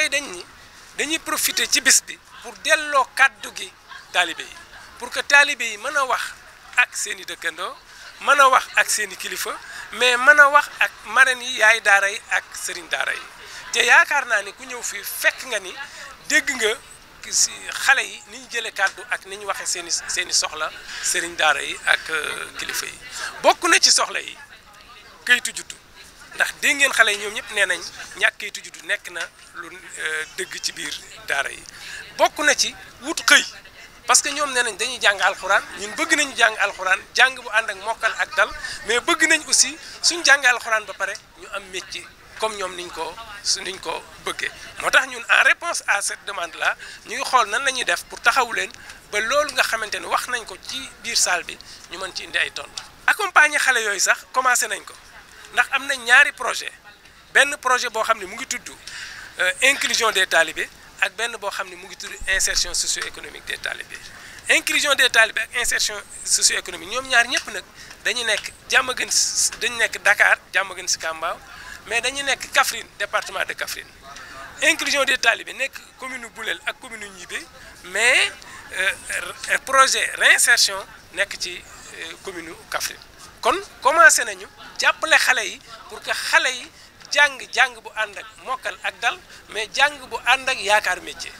tey dañ ni dañuy profiter ci bis bi pour delloo kàddu gi taalibe yi pour que taalibe yi mën a wax ak seeni dëkkandoo mën a wax ak seeni kilifa mais mën a wax ak marani yi yaay daara yi ak sëriñ daara yi te yaakaar naa ni ku ñëw fii fekk nga ni dégg nga si xale yi ni ñu jëlee kàddu ak ni ñu waxee seeni seeni soxla sëriñ daara yi ak euh, kilifa yi bokk na ci soxla yi kayitu juddu ndax dégg ngeen xale yi ñoom ñëpp nee nañ ñàkkeetu du nekk na lu euh, dëgg ci biir daara yi bokk na ci wut xëy parce que ñoom nee nañ dañuy jàng alxuraan ñun bëgg nañu jàng alxuraan jàng bu ànd ak mokkal ak dal mais bëgg nañ aussi suñ jàng alxuraan ba pare ñu am métier comme ñoom niñ ko niñ ko bëggee moo tax ñun en réponse à cette demande là ñu ngi xool nan la ñuy def pour taxawu leen ba loolu nga xamante ne wax nañ ko ci biir saal bi ñu mën ci indi ay tontu accompagner xale yooyu sax commencé nañ ko. ndax am na ñaari projet benn projet boo xam ne mu ngi tudd euh, inclusion des talibés ak benn boo xam ne mu tudd insertion socio-économique des talibés inclusion des talibés ak insertion socio-économique ñoom ñaar ñëpp nag dañu nekk gën dañu nekk Dakar gën Sicap Kambaaw mais dañu nekk Kaffrine département de Kaffrine inclusion des talibés nekk commune Boulel ak commune Ñibé mais euh, projet réinsertion nekk ci euh, commune Kaffrine kon commencé nañu jàppale xale yi pour que xale yi jàng jàng bu ànd ak mokkal ak dal mais jàng bu ànd ak yaakaar métier.